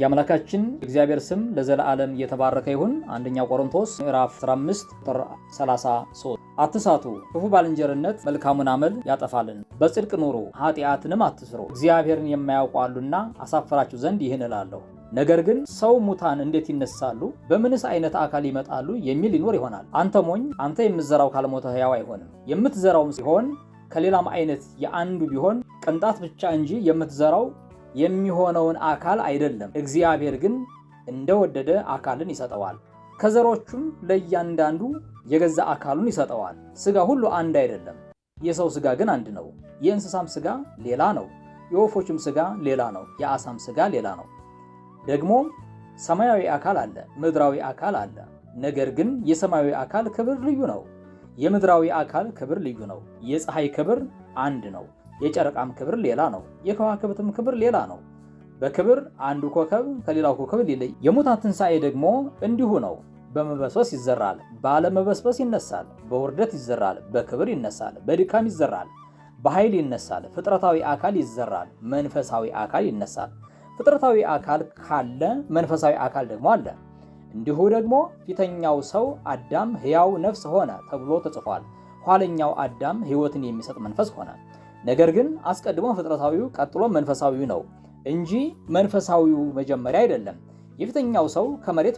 የአምላካችን እግዚአብሔር ስም ለዘለዓለም እየተባረከ ይሁን። አንደኛ ቆሮንቶስ ምዕራፍ 15 ቁጥር 33 አትሳቱ፣ ክፉ ባልንጀርነት መልካሙን አመል ያጠፋልን። በጽድቅ ኑሩ፣ ኃጢአትንም አትስሩ፣ እግዚአብሔርን የማያውቁ አሉና አሳፈራችሁ ዘንድ ይህን እላለሁ። ነገር ግን ሰው ሙታን እንዴት ይነሳሉ? በምንስ አይነት አካል ይመጣሉ? የሚል ይኖር ይሆናል። አንተ ሞኝ፣ አንተ የምትዘራው ካልሞተ ሕያው አይሆንም። የምትዘራውም ሲሆን ከሌላም አይነት የአንዱ ቢሆን ቅንጣት ብቻ እንጂ የምትዘራው የሚሆነውን አካል አይደለም። እግዚአብሔር ግን እንደወደደ አካልን ይሰጠዋል፣ ከዘሮቹም ለእያንዳንዱ የገዛ አካሉን ይሰጠዋል። ስጋ ሁሉ አንድ አይደለም። የሰው ስጋ ግን አንድ ነው። የእንስሳም ስጋ ሌላ ነው። የወፎችም ስጋ ሌላ ነው። የአሳም ስጋ ሌላ ነው። ደግሞ ሰማያዊ አካል አለ፣ ምድራዊ አካል አለ። ነገር ግን የሰማያዊ አካል ክብር ልዩ ነው፣ የምድራዊ አካል ክብር ልዩ ነው። የፀሐይ ክብር አንድ ነው፣ የጨረቃም ክብር ሌላ ነው። የከዋክብትም ክብር ሌላ ነው። በክብር አንዱ ኮከብ ከሌላው ኮከብ ሊለይ። የሙታን ትንሣኤ ደግሞ እንዲሁ ነው። በመበስበስ ይዘራል፣ ባለመበስበስ ይነሳል። በውርደት ይዘራል፣ በክብር ይነሳል። በድካም ይዘራል፣ በኃይል ይነሳል። ፍጥረታዊ አካል ይዘራል፣ መንፈሳዊ አካል ይነሳል። ፍጥረታዊ አካል ካለ መንፈሳዊ አካል ደግሞ አለ። እንዲሁ ደግሞ ፊተኛው ሰው አዳም ሕያው ነፍስ ሆነ ተብሎ ተጽፏል። ኋለኛው አዳም ሕይወትን የሚሰጥ መንፈስ ሆነ። ነገር ግን አስቀድሞ ፍጥረታዊው ቀጥሎ መንፈሳዊው ነው እንጂ መንፈሳዊው መጀመሪያ አይደለም። የፊተኛው ሰው ከመሬት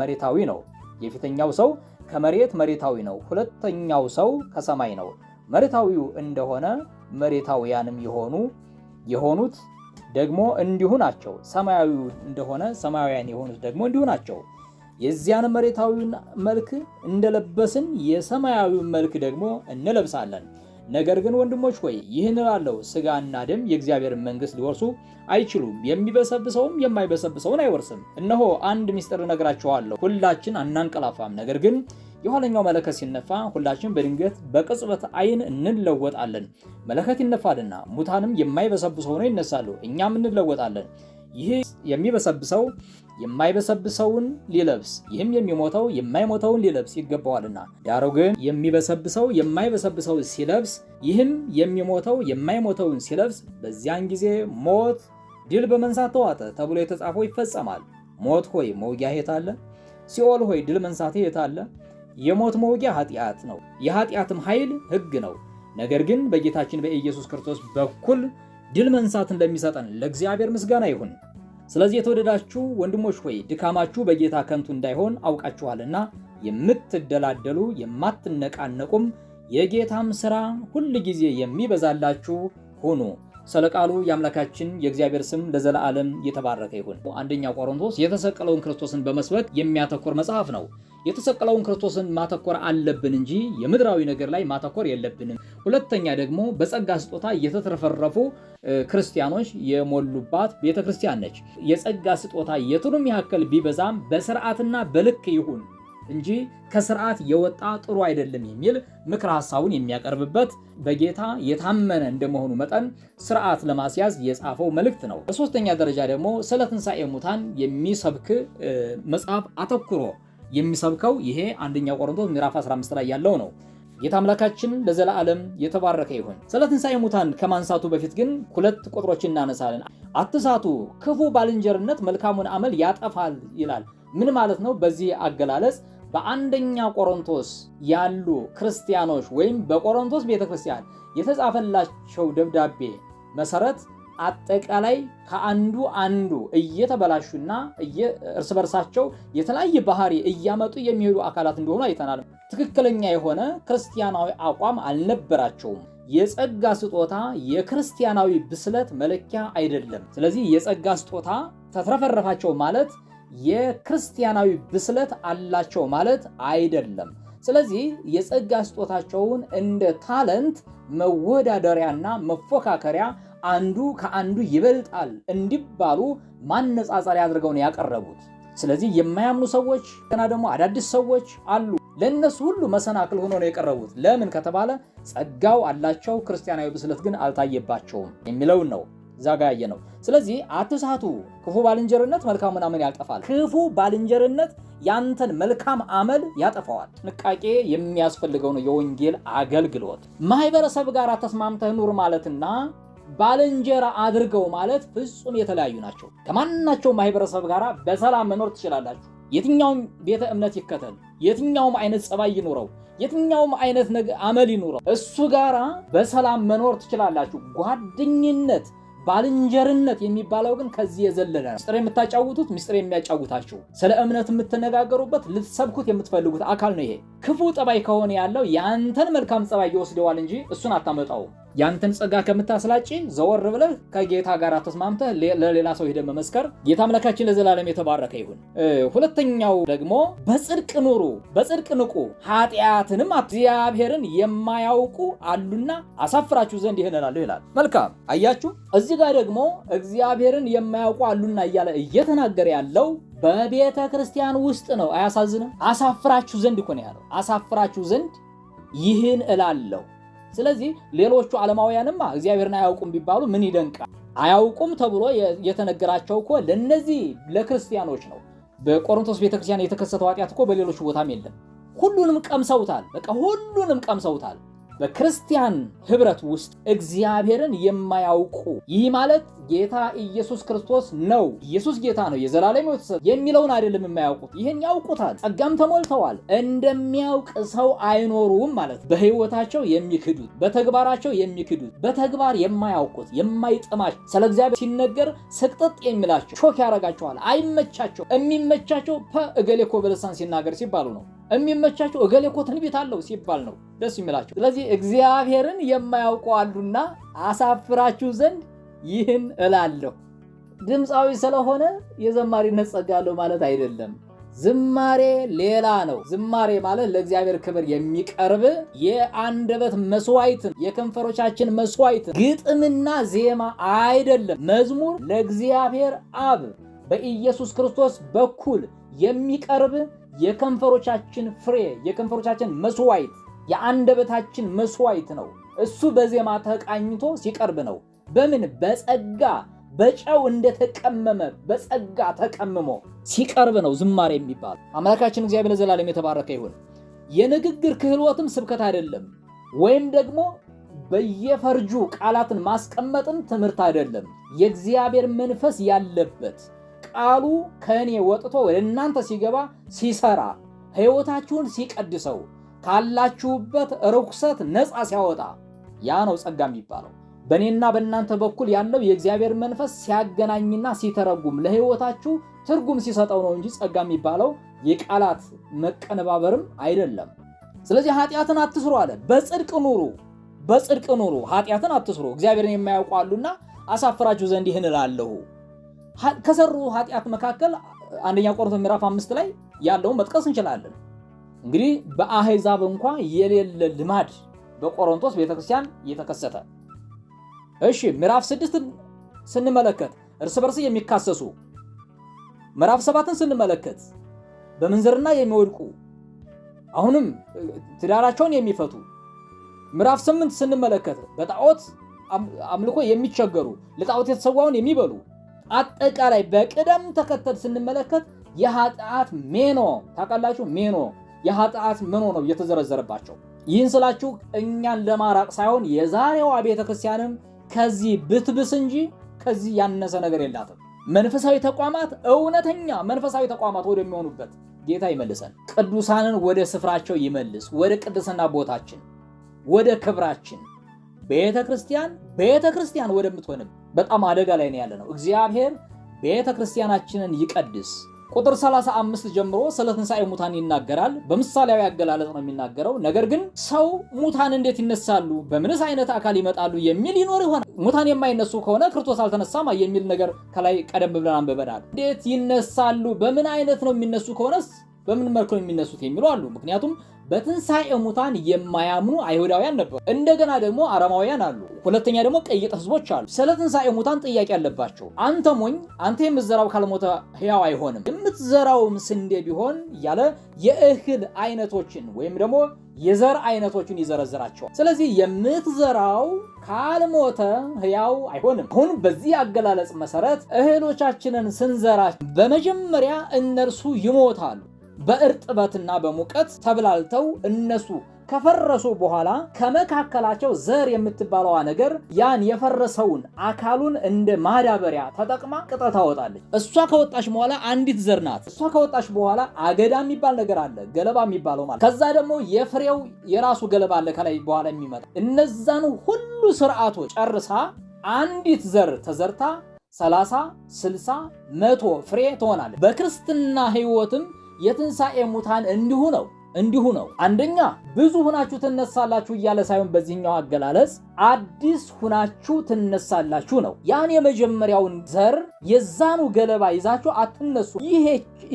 መሬታዊ ነው። የፊተኛው ሰው ከመሬት መሬታዊ ነው። ሁለተኛው ሰው ከሰማይ ነው። መሬታዊው እንደሆነ መሬታውያንም የሆኑ የሆኑት ደግሞ እንዲሁ ናቸው። ሰማያዊው እንደሆነ ሰማያውያን የሆኑት ደግሞ እንዲሁ ናቸው። የዚያን መሬታዊውን መልክ እንደለበስን የሰማያዊውን መልክ ደግሞ እንለብሳለን። ነገር ግን ወንድሞች ሆይ ይህን እላለሁ፣ ሥጋና ደም የእግዚአብሔርን መንግሥት ሊወርሱ አይችሉም። የሚበሰብሰውም የማይበሰብሰውን አይወርስም። እነሆ አንድ ምስጢር እነግራችኋለሁ፣ ሁላችን አናንቀላፋም፣ ነገር ግን የኋለኛው መለከት ሲነፋ ሁላችን በድንገት በቅጽበት ዓይን እንለወጣለን። መለከት ይነፋልና ሙታንም የማይበሰብሰው ሆነው ይነሳሉ፣ እኛም እንለወጣለን። ይህ የሚበሰብሰው የማይበሰብሰውን ሊለብስ ይህም የሚሞተው የማይሞተውን ሊለብስ ይገባዋልና። ዳሩ ግን የሚበሰብሰው የማይበሰብሰው ሲለብስ ይህም የሚሞተው የማይሞተውን ሲለብስ በዚያን ጊዜ ሞት ድል በመንሳት ተዋጠ ተብሎ የተጻፈው ይፈጸማል። ሞት ሆይ መውጊያ የት አለ? ሲኦል ሆይ ድል መንሳት የት አለ? የሞት መውጊያ ኃጢአት ነው፣ የኃጢአትም ኃይል ሕግ ነው። ነገር ግን በጌታችን በኢየሱስ ክርስቶስ በኩል ድል መንሳትን ለሚሰጠን ለእግዚአብሔር ምስጋና ይሁን። ስለዚህ የተወደዳችሁ ወንድሞች ሆይ ድካማችሁ በጌታ ከንቱ እንዳይሆን አውቃችኋልና የምትደላደሉ የማትነቃነቁም የጌታም ሥራ ሁል ጊዜ የሚበዛላችሁ ሁኑ። ስለ ቃሉ የአምላካችን የእግዚአብሔር ስም ለዘላለም የተባረከ ይሁን። አንደኛ ቆሮንቶስ የተሰቀለውን ክርስቶስን በመስበክ የሚያተኮር መጽሐፍ ነው። የተሰቀለውን ክርስቶስን ማተኮር አለብን እንጂ የምድራዊ ነገር ላይ ማተኮር የለብንም። ሁለተኛ ደግሞ በጸጋ ስጦታ የተትረፈረፉ ክርስቲያኖች የሞሉባት ቤተ ክርስቲያን ነች። የጸጋ ስጦታ የቱንም ያክል ቢበዛም በስርዓትና በልክ ይሁን። እንጂ ከስርዓት የወጣ ጥሩ አይደለም የሚል ምክር ሀሳቡን የሚያቀርብበት በጌታ የታመነ እንደመሆኑ መጠን ስርዓት ለማስያዝ የጻፈው መልእክት ነው። በሶስተኛ ደረጃ ደግሞ ስለ ትንሣኤ ሙታን የሚሰብክ መጽሐፍ አተኩሮ የሚሰብከው ይሄ አንደኛ ቆሮንቶስ ምዕራፍ 15 ላይ ያለው ነው። ጌታ አምላካችን ለዘላለም የተባረከ ይሁን። ስለ ትንሣኤ ሙታን ከማንሳቱ በፊት ግን ሁለት ቁጥሮች እናነሳለን። አትሳቱ፣ ክፉ ባልንጀርነት መልካሙን አመል ያጠፋል ይላል። ምን ማለት ነው? በዚህ አገላለጽ በአንደኛ ቆሮንቶስ ያሉ ክርስቲያኖች ወይም በቆሮንቶስ ቤተክርስቲያን የተጻፈላቸው ደብዳቤ መሰረት አጠቃላይ ከአንዱ አንዱ እየተበላሹና እርስ በርሳቸው የተለያየ ባህሪ እያመጡ የሚሄዱ አካላት እንደሆኑ አይተናል። ትክክለኛ የሆነ ክርስቲያናዊ አቋም አልነበራቸውም። የጸጋ ስጦታ የክርስቲያናዊ ብስለት መለኪያ አይደለም። ስለዚህ የጸጋ ስጦታ ተትረፈረፋቸው ማለት የክርስቲያናዊ ብስለት አላቸው ማለት አይደለም። ስለዚህ የጸጋ ስጦታቸውን እንደ ታለንት መወዳደሪያና መፎካከሪያ አንዱ ከአንዱ ይበልጣል እንዲባሉ ማነጻጸሪያ አድርገው ነው ያቀረቡት። ስለዚህ የማያምኑ ሰዎች ገና ደግሞ አዳዲስ ሰዎች አሉ። ለእነሱ ሁሉ መሰናክል ሆኖ ነው የቀረቡት። ለምን ከተባለ ጸጋው አላቸው ክርስቲያናዊ ብስለት ግን አልታየባቸውም የሚለውን ነው። እዛ ጋ ያየ ነው። ስለዚህ አትሳቱ፣ ክፉ ባልንጀርነት መልካምን አመል ያጠፋል። ክፉ ባልንጀርነት ያንተን መልካም አመል ያጠፋዋል። ጥንቃቄ የሚያስፈልገው ነው የወንጌል አገልግሎት። ማህበረሰብ ጋር ተስማምተህ ኑር ማለትና ባልንጀራ አድርገው ማለት ፍጹም የተለያዩ ናቸው። ከማናቸው ማህበረሰብ ጋር በሰላም መኖር ትችላላችሁ። የትኛውም ቤተ እምነት ይከተል፣ የትኛውም አይነት ጸባይ ይኑረው፣ የትኛውም አይነት አመል ይኑረው፣ እሱ ጋራ በሰላም መኖር ትችላላችሁ። ጓደኝነት ባልንጀርነት የሚባለው ግን ከዚህ የዘለለ ነው። ሚስጥር የምታጫውቱት ሚስጥር የሚያጫውታችሁ፣ ስለ እምነት የምትነጋገሩበት፣ ልትሰብኩት የምትፈልጉት አካል ነው። ይሄ ክፉ ጠባይ ከሆነ ያለው የአንተን መልካም ጸባይ ይወስደዋል እንጂ እሱን አታመጣውም። ያንተን ጸጋ ከምታስላጭ ዘወር ብለህ ከጌታ ጋር ተስማምተህ ለሌላ ሰው ሄደ መመስከር። ጌታ አምላካችን ለዘላለም የተባረከ ይሁን። ሁለተኛው ደግሞ በጽድቅ ኑሩ፣ በጽድቅ ንቁ፣ ኃጢአትንም እግዚአብሔርን የማያውቁ አሉና አሳፍራችሁ ዘንድ ይህንናለሁ ይላል። መልካም አያችሁ። እዚህ ጋር ደግሞ እግዚአብሔርን የማያውቁ አሉና እያለ እየተናገረ ያለው በቤተ ክርስቲያን ውስጥ ነው። አያሳዝንም? አሳፍራችሁ ዘንድ እኮ ነው ያለው። አሳፍራችሁ ዘንድ ይህን እላለሁ ስለዚህ ሌሎቹ ዓለማውያንማ እግዚአብሔርን አያውቁም ቢባሉ ምን ይደንቃል? አያውቁም ተብሎ የተነገራቸው እኮ ለነዚህ ለክርስቲያኖች ነው። በቆሮንቶስ ቤተክርስቲያን የተከሰተው ኃጢአት እኮ በሌሎቹ ቦታም የለም። ሁሉንም ቀምሰውታል። በቃ ሁሉንም ቀምሰውታል። በክርስቲያን ህብረት ውስጥ እግዚአብሔርን የማያውቁ ይህ ማለት ጌታ ኢየሱስ ክርስቶስ ነው፣ ኢየሱስ ጌታ ነው፣ የዘላለም ሕይወት ሰጥ የሚለውን አይደለም የማያውቁት። ይህን ያውቁታል፣ ጸጋም ተሞልተዋል። እንደሚያውቅ ሰው አይኖሩም ማለት በህይወታቸው የሚክዱት፣ በተግባራቸው የሚክዱት፣ በተግባር የማያውቁት የማይጥማቸው፣ ስለ እግዚአብሔር ሲነገር ስቅጥጥ የሚላቸው ሾክ ያደርጋቸዋል፣ አይመቻቸው። የሚመቻቸው እገሌ እኮ በልሳን ሲናገር ሲባሉ ነው። የሚመቻቸው እገሌ እኮ ትንቢት አለው ሲባል ነው ደስ የሚላቸው። ስለዚህ እግዚአብሔርን የማያውቁ አሉና አሳፍራችሁ ዘንድ ይህን እላለሁ። ድምፃዊ ስለሆነ የዘማሪነት ጸጋ አለው ማለት አይደለም። ዝማሬ ሌላ ነው። ዝማሬ ማለት ለእግዚአብሔር ክብር የሚቀርብ የአንደበት መስዋዕትን የከንፈሮቻችን መስዋዕትን ግጥምና ዜማ አይደለም። መዝሙር ለእግዚአብሔር አብ በኢየሱስ ክርስቶስ በኩል የሚቀርብ የከንፈሮቻችን ፍሬ የከንፈሮቻችን መስዋዕት የአንደበታችን መስዋዕት ነው። እሱ በዜማ ተቃኝቶ ሲቀርብ ነው። በምን በጸጋ በጨው እንደተቀመመ በጸጋ ተቀምሞ ሲቀርብ ነው ዝማሬ የሚባል። አምላካችን እግዚአብሔር ለዘላለም የተባረከ ይሁን። የንግግር ክህሎትም ስብከት አይደለም፣ ወይም ደግሞ በየፈርጁ ቃላትን ማስቀመጥም ትምህርት አይደለም። የእግዚአብሔር መንፈስ ያለበት ቃሉ ከእኔ ወጥቶ ወደ እናንተ ሲገባ ሲሰራ ሕይወታችሁን ሲቀድሰው ካላችሁበት ርኩሰት ነፃ ሲያወጣ ያ ነው ጸጋ የሚባለው። በእኔና በእናንተ በኩል ያለው የእግዚአብሔር መንፈስ ሲያገናኝና ሲተረጉም ለሕይወታችሁ ትርጉም ሲሰጠው ነው እንጂ ጸጋ የሚባለው የቃላት መቀነባበርም አይደለም። ስለዚህ ኃጢአትን አትስሩ አለ። በጽድቅ ኑሩ፣ በጽድቅ ኑሩ፣ ኃጢአትን አትስሩ። እግዚአብሔርን የማያውቁ አሉና አሳፍራችሁ ዘንድ ይህን እላለሁ። ከሰሩ ኃጢአት መካከል አንደኛ ቆሮንቶስ ምዕራፍ አምስት ላይ ያለውን መጥቀስ እንችላለን። እንግዲህ በአህዛብ እንኳ የሌለ ልማድ በቆሮንቶስ ቤተክርስቲያን እየተከሰተ እሺ፣ ምዕራፍ ስድስትን ስንመለከት እርስ በርስ የሚካሰሱ፣ ምዕራፍ ሰባትን ስንመለከት በምንዝርና የሚወድቁ አሁንም ትዳራቸውን የሚፈቱ፣ ምዕራፍ ስምንት ስንመለከት በጣዖት አምልኮ የሚቸገሩ፣ ለጣዖት የተሰዋውን የሚበሉ አጠቃላይ በቅደም ተከተል ስንመለከት የኃጢአት ሜኖ ታውቃላችሁ፣ ሜኖ የኃጢአት መኖ ነው እየተዘረዘረባቸው። ይህን ስላችሁ እኛን ለማራቅ ሳይሆን የዛሬዋ ቤተ ክርስቲያንም ከዚህ ብትብስ እንጂ ከዚህ ያነሰ ነገር የላትም። መንፈሳዊ ተቋማት እውነተኛ መንፈሳዊ ተቋማት ወደሚሆኑበት ጌታ ይመልሰን። ቅዱሳንን ወደ ስፍራቸው ይመልስ፣ ወደ ቅድስና ቦታችን፣ ወደ ክብራችን ቤተ ክርስቲያን ቤተ ክርስቲያን ወደምትሆንም በጣም አደጋ ላይ ነው ያለ ነው። እግዚአብሔር ቤተ ክርስቲያናችንን ይቀድስ። ቁጥር 35 ጀምሮ ስለ ትንሣኤ ሙታን ይናገራል። በምሳሌያዊ አገላለጽ ነው የሚናገረው። ነገር ግን ሰው ሙታን እንዴት ይነሳሉ፣ በምንስ አይነት አካል ይመጣሉ የሚል ይኖር ይሆናል። ሙታን የማይነሱ ከሆነ ክርስቶስ አልተነሳማ የሚል ነገር ከላይ ቀደም ብለን አንብበናል። እንዴት ይነሳሉ፣ በምን አይነት ነው የሚነሱ ከሆነስ በምን መልክ ነው የሚነሱት የሚሉ አሉ። ምክንያቱም በትንሣኤ ሙታን የማያምኑ አይሁዳውያን ነበሩ። እንደገና ደግሞ አረማውያን አሉ። ሁለተኛ ደግሞ ቀይጥ ህዝቦች አሉ። ስለ ትንሣኤ ሙታን ጥያቄ አለባቸው። አንተ ሞኝ፣ አንተ የምትዘራው ካልሞተ ሕያው አይሆንም፣ የምትዘራውም ስንዴ ቢሆን ያለ የእህል አይነቶችን ወይም ደግሞ የዘር አይነቶችን ይዘረዝራቸዋል። ስለዚህ የምትዘራው ካልሞተ ሕያው አይሆንም። አሁን በዚህ አገላለጽ መሰረት እህሎቻችንን ስንዘራ በመጀመሪያ እነርሱ ይሞታሉ። በእርጥበትና በሙቀት ተብላልተው እነሱ ከፈረሱ በኋላ ከመካከላቸው ዘር የምትባለዋ ነገር ያን የፈረሰውን አካሉን እንደ ማዳበሪያ ተጠቅማ ቅጠል ታወጣለች። እሷ ከወጣች በኋላ አንዲት ዘር ናት። እሷ ከወጣች በኋላ አገዳ የሚባል ነገር አለ፣ ገለባ የሚባለው ማለት። ከዛ ደግሞ የፍሬው የራሱ ገለባ አለ ከላይ በኋላ የሚመጣ። እነዛን ሁሉ ስርዓቶች ጨርሳ አንዲት ዘር ተዘርታ 30፣ 60፣ መቶ ፍሬ ትሆናለች። በክርስትና ህይወትም የትንሣኤ ሙታን እንዲሁ ነው እንዲሁ ነው። አንደኛ ብዙ ሁናችሁ ትነሳላችሁ እያለ ሳይሆን በዚህኛው አገላለጽ አዲስ ሁናችሁ ትነሳላችሁ ነው። ያን የመጀመሪያውን ዘር የዛኑ ገለባ ይዛችሁ አትነሱ። ይሄ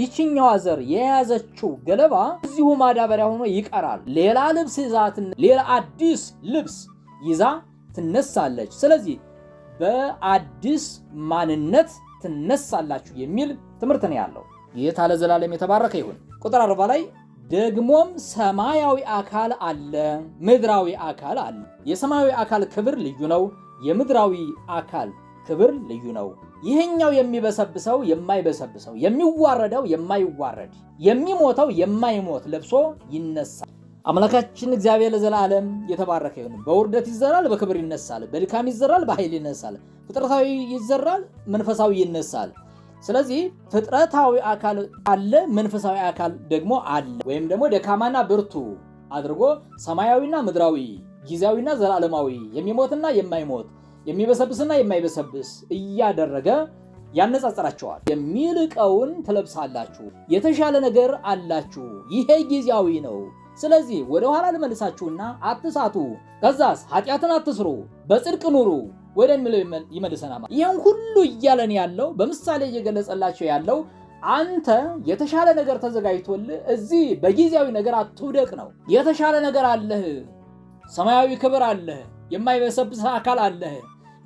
ይችኛዋ ዘር የያዘችው ገለባ እዚሁ ማዳበሪያ ሆኖ ይቀራል። ሌላ ልብስ ይዛ ሌላ አዲስ ልብስ ይዛ ትነሳለች። ስለዚህ በአዲስ ማንነት ትነሳላችሁ የሚል ትምህርት ነው ያለው። ጌታ ለዘላለም የተባረከ ይሁን። ቁጥር አርባ ላይ ደግሞም ሰማያዊ አካል አለ፣ ምድራዊ አካል አለ። የሰማያዊ አካል ክብር ልዩ ነው፣ የምድራዊ አካል ክብር ልዩ ነው። ይህኛው የሚበሰብሰው የማይበሰብሰው፣ የሚዋረደው የማይዋረድ፣ የሚሞተው የማይሞት ለብሶ ይነሳል። አምላካችን እግዚአብሔር ለዘላለም የተባረከ ይሁን። በውርደት ይዘራል፣ በክብር ይነሳል። በድካም ይዘራል፣ በኃይል ይነሳል። ፍጥረታዊ ይዘራል፣ መንፈሳዊ ይነሳል። ስለዚህ ፍጥረታዊ አካል አለ፣ መንፈሳዊ አካል ደግሞ አለ። ወይም ደግሞ ደካማና ብርቱ አድርጎ ሰማያዊና ምድራዊ፣ ጊዜያዊና ዘላለማዊ፣ የሚሞትና የማይሞት፣ የሚበሰብስና የማይበሰብስ እያደረገ ያነጻጽራቸዋል። የሚልቀውን ትለብሳላችሁ፣ የተሻለ ነገር አላችሁ፣ ይሄ ጊዜያዊ ነው። ስለዚህ ወደ ኋላ ልመልሳችሁና አትሳቱ፣ ከዛስ ኃጢአትን አትስሩ፣ በጽድቅ ኑሩ ወደ ሚለው ይመልሰናል። ይህን ሁሉ እያለን ያለው በምሳሌ እየገለጸላቸው ያለው አንተ የተሻለ ነገር ተዘጋጅቶልህ እዚህ በጊዜያዊ ነገር አትውደቅ ነው። የተሻለ ነገር አለህ፣ ሰማያዊ ክብር አለህ፣ የማይበሰብስ አካል አለህ፣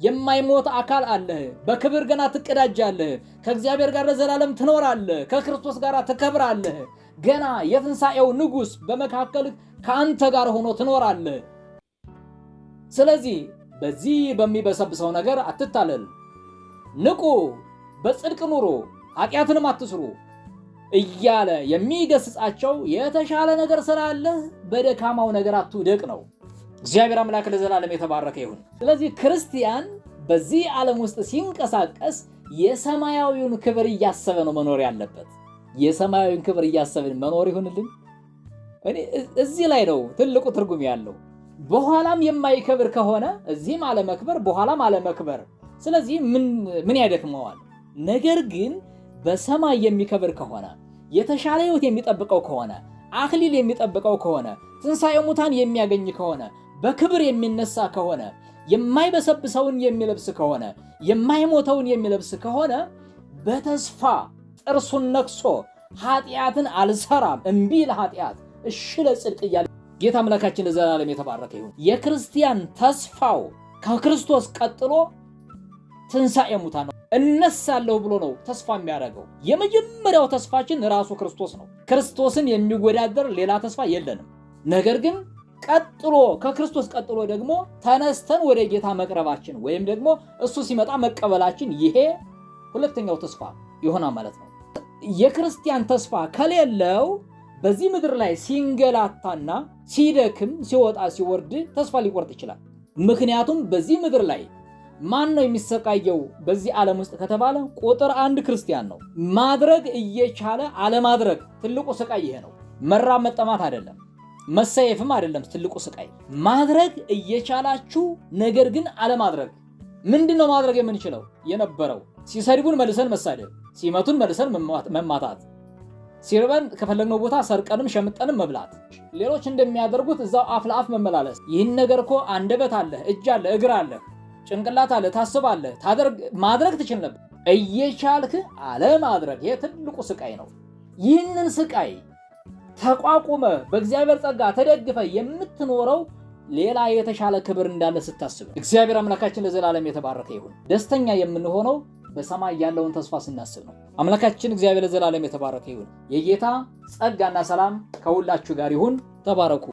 የማይሞት አካል አለህ። በክብር ገና ትቀዳጃለህ። ከእግዚአብሔር ጋር ለዘላለም ትኖራለህ። ከክርስቶስ ጋር ትከብራለህ። ገና የትንሣኤው ንጉሥ በመካከል ከአንተ ጋር ሆኖ ትኖራለህ። ስለዚህ በዚህ በሚበሰብሰው ነገር አትታለል። ንቁ፣ በጽድቅ ኑሩ፣ ኃጢአትንም አትስሩ እያለ የሚገስጻቸው የተሻለ ነገር ስላለህ በደካማው ነገር አትውደቅ ነው። እግዚአብሔር አምላክ ለዘላለም የተባረከ ይሁን። ስለዚህ ክርስቲያን በዚህ ዓለም ውስጥ ሲንቀሳቀስ የሰማያዊውን ክብር እያሰበ ነው መኖር ያለበት። የሰማያዊውን ክብር እያሰብን መኖር ይሁንልን። እዚህ ላይ ነው ትልቁ ትርጉም ያለው። በኋላም የማይከብር ከሆነ እዚህም አለመክበር በኋላም አለመክበር፣ ስለዚህ ምን ያደክመዋል? ነገር ግን በሰማይ የሚከብር ከሆነ የተሻለ ህይወት የሚጠብቀው ከሆነ አክሊል የሚጠብቀው ከሆነ ትንሣኤ ሙታን የሚያገኝ ከሆነ በክብር የሚነሳ ከሆነ የማይበሰብሰውን የሚለብስ ከሆነ የማይሞተውን የሚለብስ ከሆነ በተስፋ ጥርሱን ነክሶ ኃጢአትን አልሰራም እምቢ ለኃጢአት እሺ ለጽድቅ እያለ ጌታ አምላካችን ለዘላለም የተባረከ ይሁን። የክርስቲያን ተስፋው ከክርስቶስ ቀጥሎ ትንሣኤ ሙታን ነው። እነሳለሁ ብሎ ነው ተስፋ የሚያደርገው። የመጀመሪያው ተስፋችን ራሱ ክርስቶስ ነው። ክርስቶስን የሚወዳደር ሌላ ተስፋ የለንም። ነገር ግን ቀጥሎ ከክርስቶስ ቀጥሎ ደግሞ ተነስተን ወደ ጌታ መቅረባችን ወይም ደግሞ እሱ ሲመጣ መቀበላችን፣ ይሄ ሁለተኛው ተስፋ ይሆናል ማለት ነው። የክርስቲያን ተስፋ ከሌለው በዚህ ምድር ላይ ሲንገላታና ሲደክም ሲወጣ ሲወርድ ተስፋ ሊቆርጥ ይችላል። ምክንያቱም በዚህ ምድር ላይ ማን ነው የሚሰቃየው በዚህ ዓለም ውስጥ ከተባለ ቁጥር አንድ ክርስቲያን ነው። ማድረግ እየቻለ አለማድረግ ትልቁ ስቃይ ይሄ ነው። መራብ መጠማት አይደለም፣ መሰየፍም አይደለም። ትልቁ ስቃይ ማድረግ እየቻላችሁ ነገር ግን አለማድረግ። ምንድን ነው ማድረግ የምንችለው የነበረው? ሲሰድቡን መልሰን መሳደብ፣ ሲመቱን መልሰን መማታት ሲርበን ከፈለግነው ቦታ ሰርቀንም ሸምጠንም መብላት፣ ሌሎች እንደሚያደርጉት እዛው አፍ ለአፍ መመላለስ። ይህን ነገር እኮ አንደበት አለህ፣ እጅ አለ፣ እግር አለ፣ ጭንቅላት አለ፣ ታስባለህ፣ ማድረግ ትችል ነበር። እየቻልክ አለማድረግ ይሄ ትልቁ ስቃይ ነው። ይህንን ስቃይ ተቋቁመ በእግዚአብሔር ጸጋ ተደግፈ የምትኖረው ሌላ የተሻለ ክብር እንዳለ ስታስብ እግዚአብሔር አምላካችን ለዘላለም የተባረከ ይሁን። ደስተኛ የምንሆነው በሰማይ ያለውን ተስፋ ስናስብ ነው። አምላካችን እግዚአብሔር ለዘላለም የተባረከ ይሁን። የጌታ ጸጋና ሰላም ከሁላችሁ ጋር ይሁን። ተባረኩ።